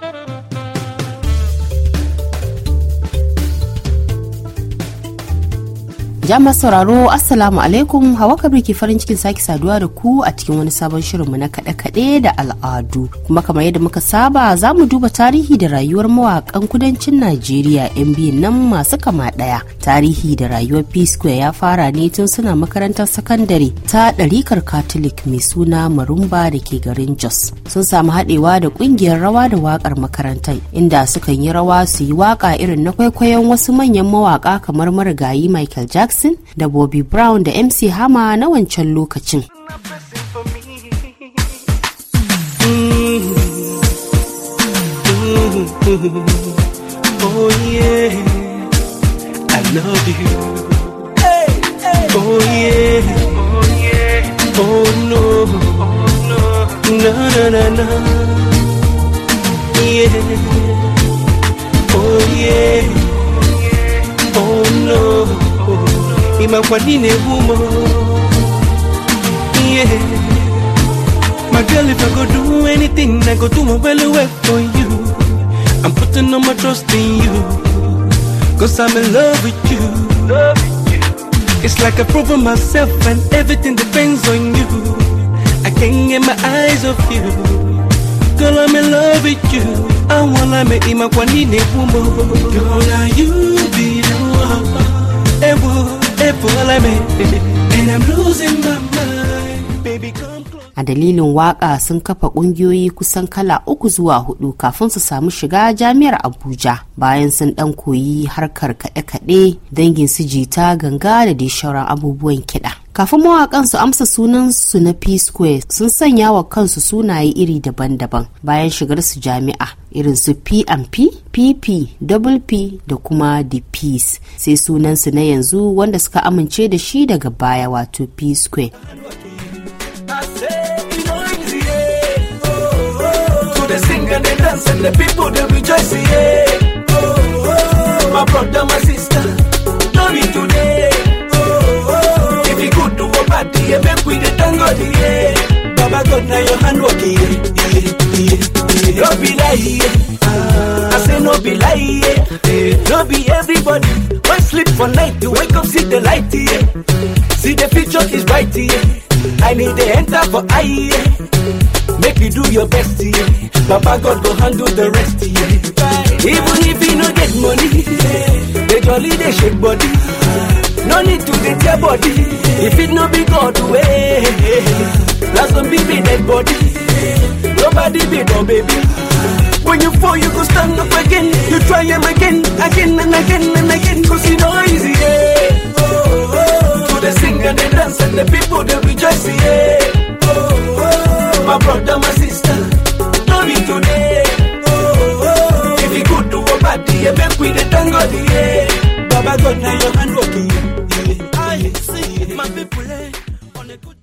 Música jama sauraro assalamu alaikum hawa kabir ke farin cikin sake saduwa da ku a cikin wani sabon shirinmu na kaɗe-kaɗe da al'adu kuma kamar yadda muka saba za mu duba tarihi da rayuwar mawaƙan kudancin najeriya yan biyun nan masu kama ɗaya tarihi da rayuwar p square ya fara ne tun suna makarantar sakandare ta ɗarikar catholic mai suna marumba da ke garin jos sun samu haɗewa da ƙungiyar rawa da waƙar makarantar inda sukan yi rawa su yi waƙa irin na kwaikwayon wasu manyan mawaƙa kamar marigayi michael jackson Jackson da Bobby Brown da MC Hama na wancan lokacin. Oh, you. Oh, oh, yeah, oh yeah, oh no ịmakwa dị na-ebu ụmụ My girl, if I go do anything, I go do my well work for you. I'm putting all my trust in you. Cause I'm in love with you. It's like I prove myself and everything depends on you. I can't get my eyes off you. Girl, I'm in love with you. I wanna make him a one in a woman. Girl, you be the one. a dalilin waka sun kafa kungiyoyi kusan kala uku zuwa hudu kafin su samu shiga jami'ar abuja bayan sun dan koyi harkar kaɗe-kaɗe dangin su jita ganga da dai shauran abubuwan kiɗa kafin mawakan su amsa sunan su na p-square sun sanya wa kansu sunaye iri daban-daban bayan shigar su jami'a irin su p&p pp wp da kuma the peace sai sunan su na yanzu wanda suka amince da shi daga baya wato p-square oh, oh, oh. My brother, my sister, to be good to a party, yeah, make we the tango, yeah. Baba God, now your hand work, No be lie, eh. I say no be lie, eh. No be everybody. When sleep for night, you wake up, see the light, yeah. See the future is bright, yeah. I need the enter for I, eh. Make you do your best, yeah. Baba God go handle the rest, yeah. Even if you no get money, they jolly, they shake body. Yeah no need to dey tear body if it no be god wey na be people dead body nobody be no baby when you fall you go stand up again you try am again again and again and again cause e no easy yeah. oh, oh, oh. to dey sing and dance and the people they rejoice yeah. oh, oh, oh. my brother my sister no be today oh, oh, oh. if e good or bad yeah, make we dey thank yeah. baba god na your hand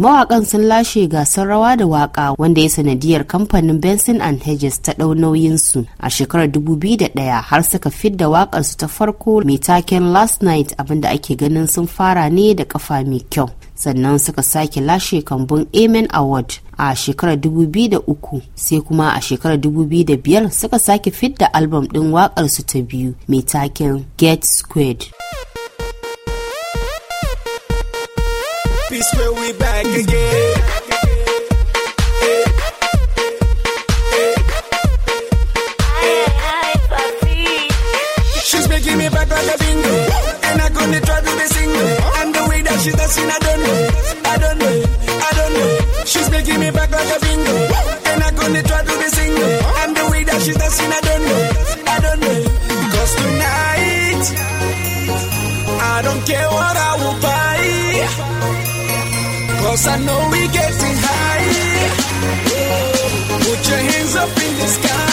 mawakan sun lashe gasar rawa da waka wanda ya sanadiyar kamfanin benson and hedges ta ɗau nauyinsu a shekarar 2001 har suka fidda da wakarsu ta farko mai taken last night abinda ake ganin sun fara ne da kafa mai kyau sannan suka sake lashe kambun amen award a shekarar 2003 sai kuma a shekarar 2005 suka sake fidda albam ɗin waƙarsu ta biyu mai taken get squared peace, where we back again. She's making me back like a bingo, and I couldn't try to be single. And the way that she dancing, I don't know, I don't know, I don't know. She's making me back like a bingo, and I couldn't try to be single. And the way that she dancing, I don't know, I don't know. Cause tonight, I don't care what I will buy. Cause I know we getting high. Put your hands up in the sky.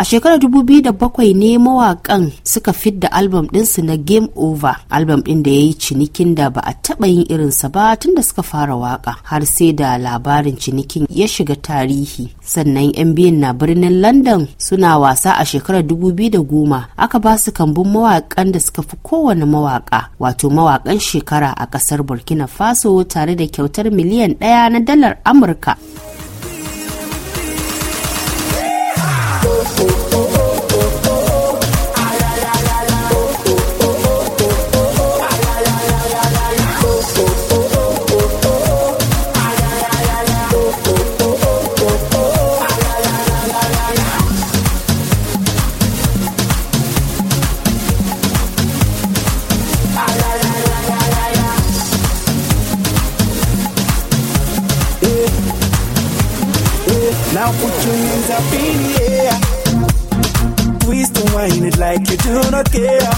a shekarar 2007 ne mawakan suka fidda albam su na game over albam din da ya yi cinikin da ba a taɓa yin irinsa ba tun da suka fara waka har sai da labarin cinikin ya shiga tarihi sannan yan biyun na birnin london suna wasa a shekarar 2010 aka ba su kambun mawakan da suka fi kowane mawaka wato mawakan shekara a ƙasar burkina faso tare da kyautar miliyan ɗaya na dalar amurka. jumping, yeah. Twist and wind it like you do not care.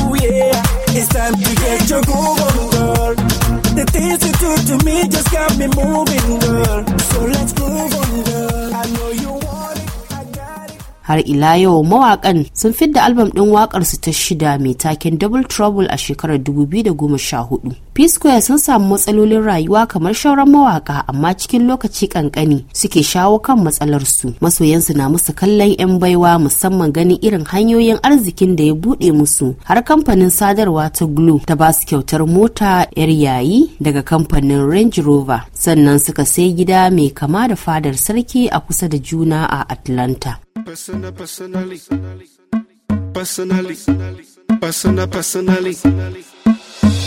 Oh yeah. It's time to get your groove on, girl. The things you do to me just got me moving. har ila yau mawakan sun fidda albam ɗin wakar su ta shida mai taken double trouble a shekarar 2014 p-square sun samu matsalolin rayuwa kamar shauran mawaka amma cikin lokaci kankani suke shawo kan matsalarsu masoyansu na musu kallon 'yan baiwa musamman ganin irin hanyoyin arzikin da ya buɗe musu har kamfanin sadarwa ta glo ta ba su kyautar mota 'yar yayi daga kamfanin range rover sannan suka sai gida mai kama da fadar sarki a kusa da juna a atlanta personally. Personally. personally.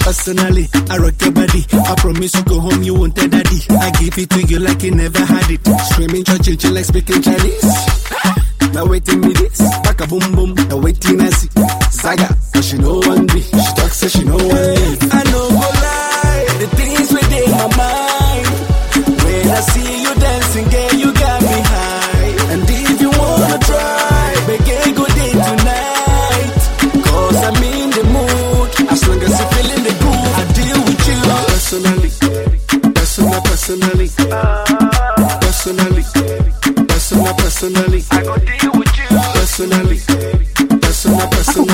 Personally, I rock your body. I promise you go home, you won't tell daddy. I give it to you like you never had it. Screaming, church, like speaking Chinese. Now waiting me this, back a boom boom. Now waiting I see Zaga, but she know one be. She talk so she know one be. I know go lie, the things within my mind when I see.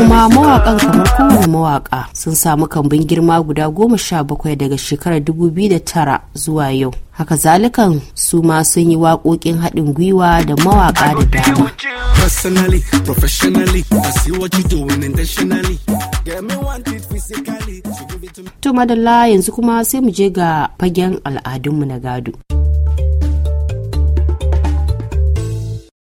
kuma mawakan kamar kowane mawaka sun samu kambin girma guda goma sha bakwai daga shekarar da tara zuwa yau haka zalikan su ma sun yi waƙoƙin haɗin gwiwa da mawaka da dama To madalla yanzu kuma sai mu je ga fagen al'adunmu na gado.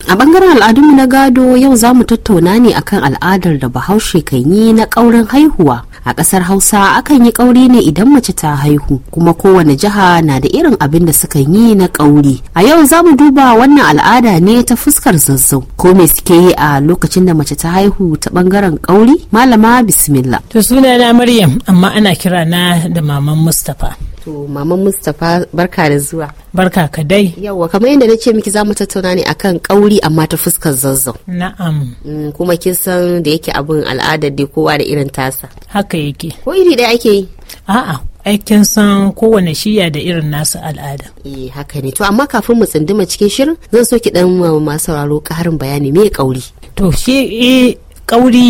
a bangaren al'adunmu na gado yau za mu tattauna ne akan al'adar da bahaushe kan yi na ƙaurin haihuwa a ƙasar hausa akan yi ƙauri ne idan mace ta haihu kuma kowane jiha na da irin abin da suka yi na ƙauri a yau za mu duba wannan al'ada ne ta fuskar zazzau ko me suke yi a lokacin da mace ta haihu ta bangaren ƙauri malama bismillah to na maryam amma ana kira na da maman mustapha To Maman Mustapha barka da zuwa. Barka ka dai. Yawwa kamar yadda na ce miki za mu tattauna ne akan kauri amma ta fuskar zazzau. Na'am. Mm, kuma kin san da yake abin al'adar da kowa da irin tasa. Haka yake. Ko iri ɗaya ake yi? A'a. aikin san kowane shiya da irin nasu al'ada. Eh haka ne to amma kafin mu tsinduma cikin shirin zan so ki dan masu sauraro karin bayani me kauri. To shi eh kauri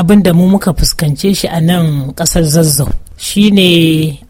abin da mu muka fuskance shi a nan ƙasar zazzau shine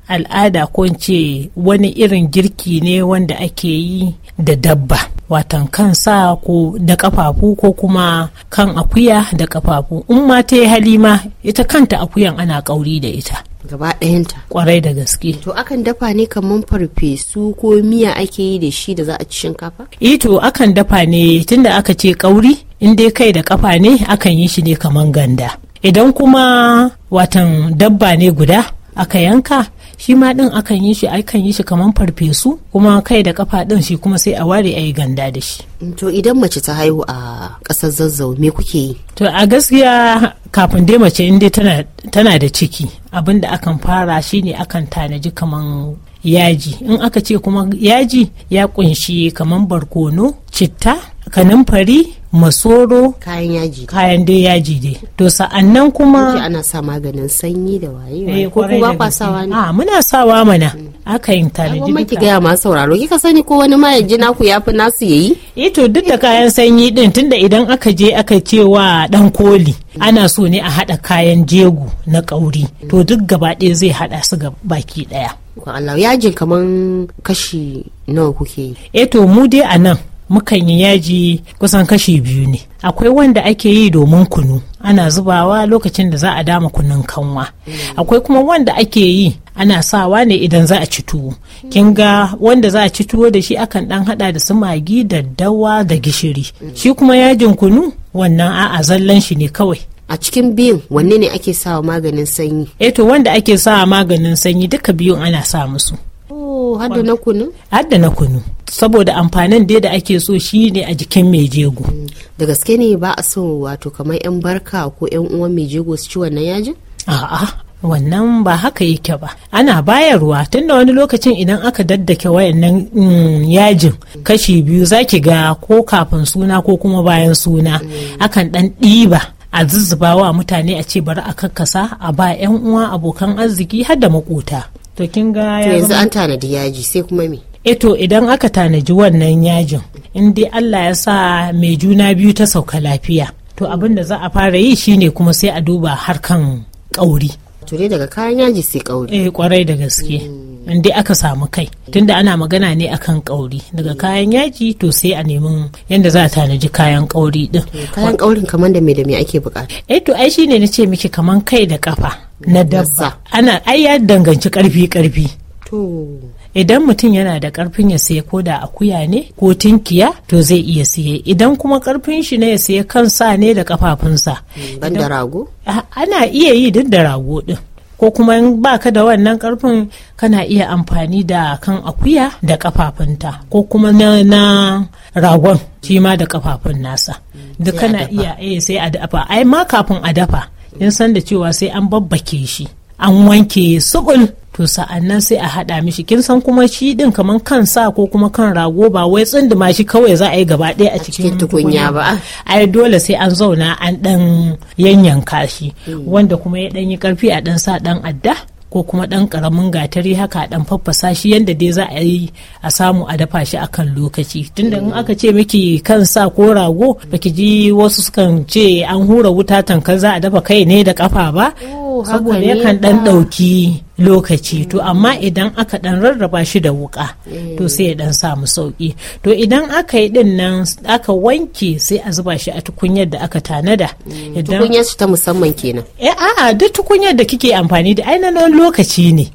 al'ada ko ce wani irin girki ne wanda ake yi da dabba watan kan sa ko da kafafu ko kuma kan akuya da kafafu in ma ta yi halima ita kanta akuyan ana kauri da ita gaba ɗayanta kwarai da gaske to akan dafa ne kamar farfesu ko miya ake yi da shi da za a ci shinkafa eh to akan dafa ne tunda aka ce kauri in dai kai da kafa ne akan yi shi ne kamar ganda idan kuma watan dabba ne guda aka yanka shi ma din akan yi shi akan yi shi kamar farfesu kuma kai da kafa ɗin shi kuma sai a ware a yi ganda da shi to idan mace ta haihu a ƙasar zazzau me kuke yi to a gaskiya kafin dai mace in dai tana, da ciki abin da akan fara shine akan tanaji kamar yaji in aka ce kuma yaji ya kunshi kamar barkono citta kanumfari masoro kayan yaji kayan dai yaji dai to sa'annan kuma Kuki ana sa maganin sanyi da waye eh, ko ku ba kwa sawa ne a ah, muna sawa mana mm. aka yin tare da maki ga ma sauraro kika sani ko wani ma yaji naku yafi nasu yayi eh to duk da kayan sanyi din tunda idan aka je aka cewa wa dan koli ana so ne a hada kayan jego na kauri to duk gaba ɗaya zai hada su ga baki daya Allah yajin kaman kashi nawa kuke yi eh to mu dai a mukan yi yaji kusan kashi biyu ne akwai wanda ake yi domin kunu ana zubawa lokacin da za a dama kunun kanwa akwai kuma wanda ake yi ana sawa ne idan za a ci tuwo kin ga wanda za a ci tuwo da shi akan dan hada da su magi da dawa da gishiri shi kuma yajin kunu wannan a'a zallan shi ne kawai a cikin biyun wanne ne ake sawa maganin sanyi eto eh wanda ake sawa maganin sanyi duka biyun ana sa musu hadda na kunu? Saboda amfanin dai da ake so shi ne a jikin mai jego. Mm. Da gaske ne ba a so wato kamar 'yan barka ko 'yan uwan mai jego su ci wannan yajin? A'a, wannan ba haka yake ba ana bayarwa tun da wani lokacin idan aka daddake wayannan mm, yajin mm. kashi biyu zaki ga ko kafin suna ko kuma bayan suna akan dan ɗiba a zuzzuba mutane a ce bari a kakkasa a ba 'yan uwa abokan arziki har da makota to kin ga yanzu an tanadi yaji sai kuma me eto eh idan aka tanaji wannan yajin in dai Allah ya sa mai juna biyu ta sauka lafiya to abin da za a fara yi shine kuma sai a duba harkan kauri to daga kayan yaji sai kauri eh kwarai da gaske mm. in dai aka samu kai tunda ana magana ne akan kauri daga kayan yaji to sai a nemi yadda za a tanaji kayan kauri din eh, kayan kaurin kamar da me da me ake bukata eh to ai shine na ce miki kaman kai da kafa na dabba ana ai ya danganci karfi karfi Idan mutum yana da karfin ya sayi ko da akuya ne ko tinkiya to zai iya siye idan kuma karfin shi ne ya siya kansa ne da kafafunsa. Hmm, ban da rago? Ah, ana iya yi duk da rago din. ko kuma in baka da wannan karfin kana iya amfani da kan akuya da kafafunta ko kuma na, ragon shi ma da kafafun nasa mm. duk kana iya eh sai a dafa ai ma kafin a dafa in san da cewa sai an babbake shi an wanke subul to sa'annan sai a haɗa mishi kin san kuma shi ɗin kaman kan sa ko kuma kan rago ba wai tsinduma shi kawai za a yi gaba ɗaya a cikin tukunya ba ai dole sai an zauna an ɗan yanyanka shi mm. wanda kuma ya ɗan yi ƙarfi a ɗan sa ɗan adda ko kuma ɗan ƙaramin gatari haka ɗan faffasa shi yadda dai za a yi a samu a dafa shi akan lokaci tunda in mm. aka ce miki kan sa ko rago baki ji wasu sukan ce an hura wuta tankan za a dafa kai ne da kafa ba oh, saboda yakan ɗan ɗauki lokaci to amma idan aka dan rarraba shi da wuka to eh. sai ya dan samu sauki to idan aka yi din nan aka wanke sai a zuba shi a tukunyar da aka tanada mm, tukunyar ta musamman kenan eh a'a duk tukunyar da kike amfani da ainihin lokaci ne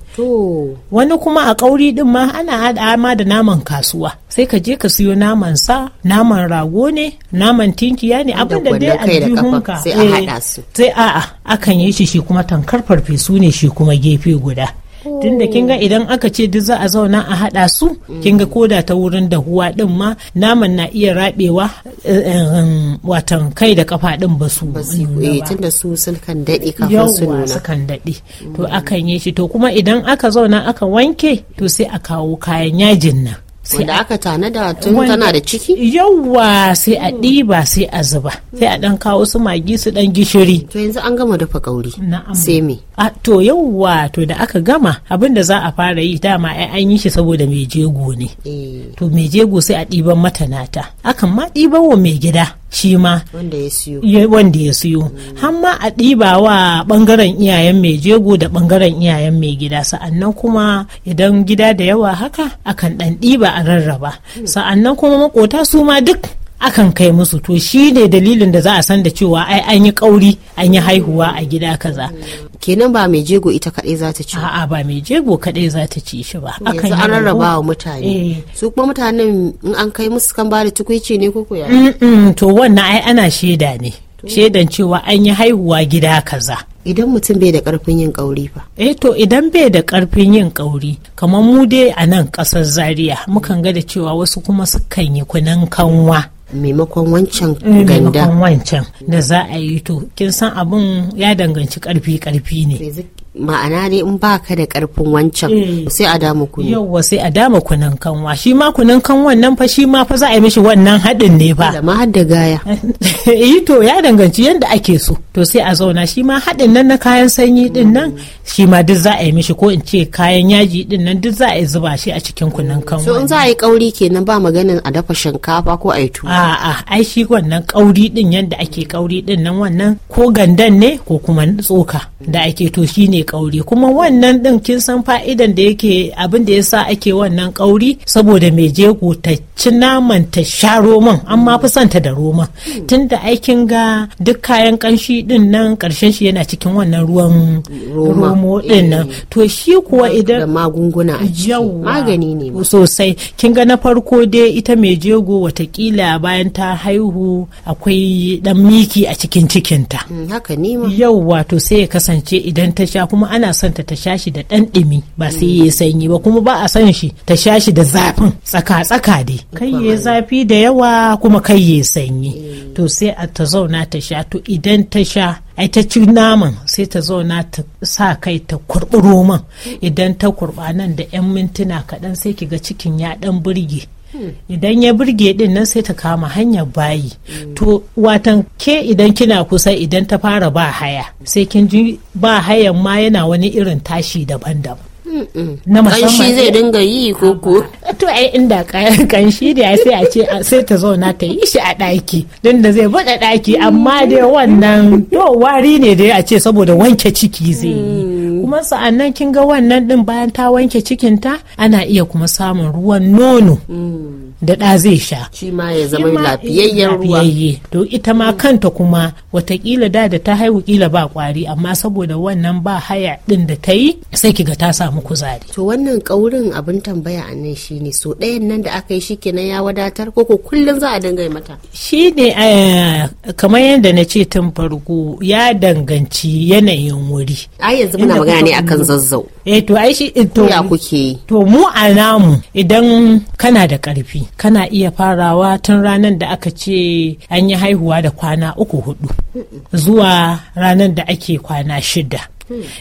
wani kuma a ƙauri din ma ana haɗa ma da naman kasuwa sai ka je ka siyo naman sa naman rago ne naman tinkiya ne abin da dai sai a haɗa eh, su sai a'a akan yi shi shi kuma tankar farfesu ne shi kuma gefe guda tunda kin ga idan aka ce duk za a zauna a haɗa su kin ga koda ta wurin dahuwa ɗin ma naman na iya raɓewa eh, eh, watan kai da kafa ɗin ba su eh, tunda su sukan daɗe kafin su nuna sukan daɗe to mm. akan yi shi to kuma idan aka zauna aka wanke to sai a kawo kayan yajin nan wanda aka tanada tun tana da ciki yawwa sai a ɗiba sai a zuba sai a ɗan kawo su magi su ɗan gishiri to yanzu an gama dafa kauri sai me to yawwa to da aka gama abin da za a fara yi dama ai an yi shi saboda mai jego ne eh. to mai jego sai a ɗiban mata nata akan ma ɗiban wa mai gida shi ma wanda ya siyo hamma a ɗiba wa ɓangaren iyayen mai jego da ɓangaren iyayen mai gida sa'annan kuma idan gida da yawa haka akan ɗan ɗiba a rarraba sa'annan kuma makota su ma duk akan kai musu to shi ne dalilin da za a san da cewa ai an yi kauri an yi haihuwa a gida kaza kenan ba mai jego ita kadai za ta ci a'a ba mai jego kadai za ta ci shi ba akan an rarraba wa mutane eh. su kuma mutanen in an kai musu kan ba da tukuici ne ko ya to wannan ai ana shaida ne shaidan cewa an yi haihuwa gida kaza idan mutum bai da karfin yin kauri ba. eh to idan bai da karfin yin kauri kamar mu dai a nan kasar zaria mukan ga da cewa wasu kuma sukan yi kunan kanwa maimakon wancan eh, ganda wancan da za a yi to kin san abun ya danganci karfi karfi ne ma'ana ne in ba ka da karfin wancan eh. sai a dama kunu yawwa sai a dama kunan kanwa shi ma kunan kan wannan fa shi ma fa za a yi mishi wannan haɗin ne ba da ma hadda gaya eh to ya danganci yadda ake so to sai a zauna shi ma haɗin nan na kayan sanyi din nan shi ma duk za a yi mishi ko in ce kayan yaji din nan duk za a yi zuba shi a cikin kunan kan so in za a yi kauri kenan ba maganin a dafa shinkafa ko a yi tuwo a'a ai shi wannan kauri din yadda ake kauri din nan wannan ko gandan ne ko kuma tsoka da ake to shine kauri kuma wannan din kin san fa'idan da yake abin da yasa ake wannan kauri saboda mai jego ta ci naman ta sha roman ma fi son da roman tunda aikin ga duk kayan kanshi din nan karshen shi yana cikin wannan ruwan romo din nan eh. to shi kuwa idan da magunguna a ciki magani ne sosai kin ga na farko dai ita mai jego watakila bayan ta haihu akwai dan miki a cikin cikinta mm, haka ne ma yauwa to sai ya kasance idan ta sha kuma ana son ta ta shashi da ɗan ɗumi ba sai ya sanyi ba kuma ba a son shi ta shashi da zafin tsaka-tsaka dai kai ya zafi da yawa kuma kai yayi sanyi eh. to sai a ta zauna ta sha to idan ta sha ai ta ci naman sai ta zauna ta sa kai ta kurburo min hmm. idan ta kurɓa nan da 'yan mintuna kaɗan sai ki ga cikin ya ɗan burge idan ya burge din nan sai ta kama hanyar bayi to watan ke idan kina kusa idan ta fara ba haya sai kin ji ba hayan ma yana wani irin tashi daban-daban na musamman zai dinga yi koko to ai inda kanshi da sai a ce sai ta zauna ta yi shi a daki don da zai bada daki amma dai wannan to wari ne dai a ce saboda wanke ciki zai yi kuma sa'annan kin ga wannan din bayan ta wanke cikinta ana iya kuma samun ruwan nono mm. da ɗa zai sha shi ma ya zama lafiyayyen ruwa to ita ma kanta kuma watakila da da ta haihu kila ba kwari amma saboda wannan ba haya ɗin da ta yi sai kiga ta samu kuzari to wannan kaurin abin tambaya a nan shi ne so ɗayan nan da aka yi shi kenan ya wadatar ko ko kullum za a dinga mata shi ne eh, kamar yadda na ce tun farko ya danganci yanayin wuri ai yanzu muna magana ne akan zazzau eh to ai shi eh, to ya kuke to mu a namu idan kana da karfi kana iya farawa tun ranar da aka ce an yi haihuwa da kwana uku hudu zuwa ranar da ake kwana shida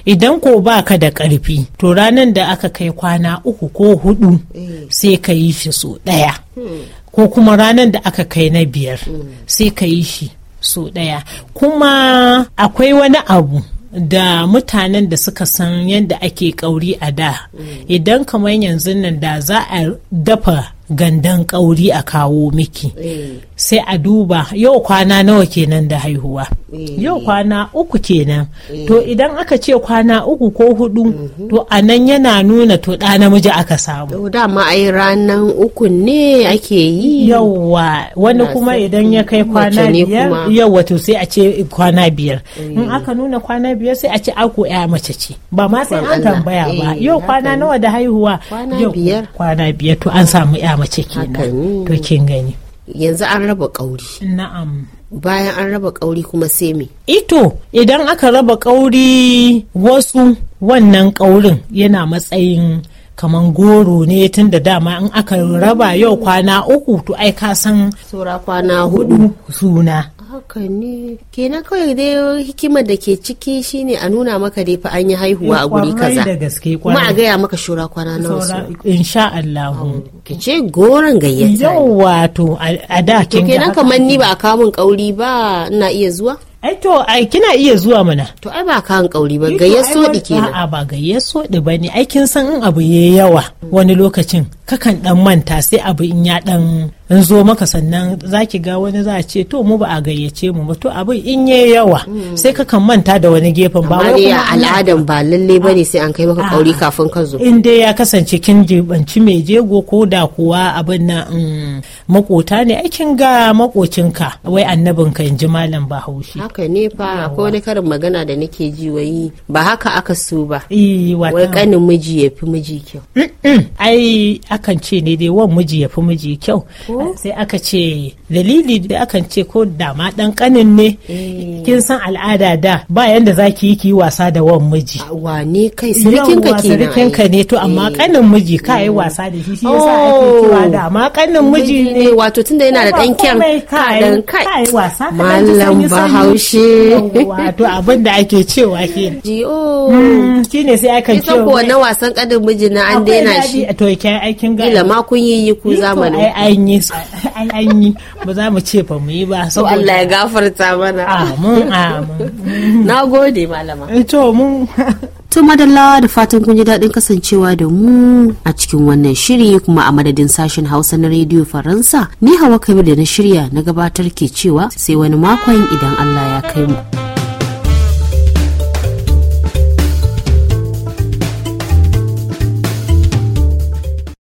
idan ko baka da karfi to ranar da aka kai kwana uku ko hudu eh. sai ka yi shi so daya ko kuma ranar da aka kai na biyar sai ka yi shi so daya kuma akwai wani abu da mutanen da suka san yadda ake kauri a da mm. idan kamar yanzu nan da za a dafa gandan kauri a kawo miki eh. sai a duba yau kwana nawa kenan da haihuwa eh. yau kwana uku kenan eh. to idan aka ce kwana uku ko hudu mhm. to a nan yana nuna to da namiji aka samu dama ai ranar uku ne ake yi yawwa wani kuma idan ya kai kwana biyar yawwa to sai a ce kwana biyar in aka nuna kwana biyar sai a ce aku ya mace ce ba ma sai an tambaya ba yau kwana nawa da haihuwa kwana biyar to an samu ya ya to gani yanzu an raba kauri na'am bayan an raba kauri kuma sai ito idan aka raba kauri wasu wannan kaurin yana matsayin kaman goro ne tun da dama in aka raba yau kwana uku to ai ka san kwana hudu suna haka ne kenan kawai dai hikimar da ke ciki shine a nuna maka dai fa an yi haihuwa a guri kaza kuma a gaya maka shura kwana nawa su insha Allah ki ce goran gayyata yau wato a da kin kenan kamar ni ba a kamun kauri ba ina iya zuwa ai to ai kina iya zuwa mana to ai ba kan kauri ba gayya di kenan a'a ba gayya sodi bane ai kin san in abu yayi yawa wani lokacin kakan dan manta sai abu in ya dan in zo maka sannan za ki ga wani za a ce to mu ba a gayyace mu ba to abin in ye yawa hmm. sai ka kan manta da wani gefen ba wani kuma al'adan ba lalle ba ne sai an kai maka kauri kafin ka zo in dai ya kasance kin jibanci mai jego ko da kuwa abin na mm, makota ne aikin ga makocinka wai annabin ka in ji malam bahaushe haka ne fa akwai wani karin magana da nake ji wai ba haka aka so ba eh, wai kanin miji ya fi miji kyau ai akan ce ne dai wan miji ya fi miji kyau sai aka ce dalili da akan ce ko dama dan kanin ne eh. kin san al'ada da ba yanda zaki yi ki wasa da wan miji wane kai sirikin ka kenan sirikin ka ne to amma eh. kanin miji ka yi wasa da shi shi yasa ake cewa oh. da amma kanin miji ne wato tunda yana da dan kyan ka dan kai wasa mallam bahaushe wato abin da ake cewa kenan hmm, shi ne sai akan ce ko wannan wasan kanin miji na an daina shi to kai aikin ga ila ma kun yi yi ku zamanin ai an yi an yi ba za mu ce fa mu yi ba saboda Allah ya gafarta mana amin amin na gode malama eh, to mun To madalla da fatan kun ji daɗin kasancewa da mu a cikin wannan shiri kuma a madadin sashen Hausa na rediyo Faransa ni hawa kabir da na shirya na gabatar ke cewa sai wani makon idan Allah ya kai mu.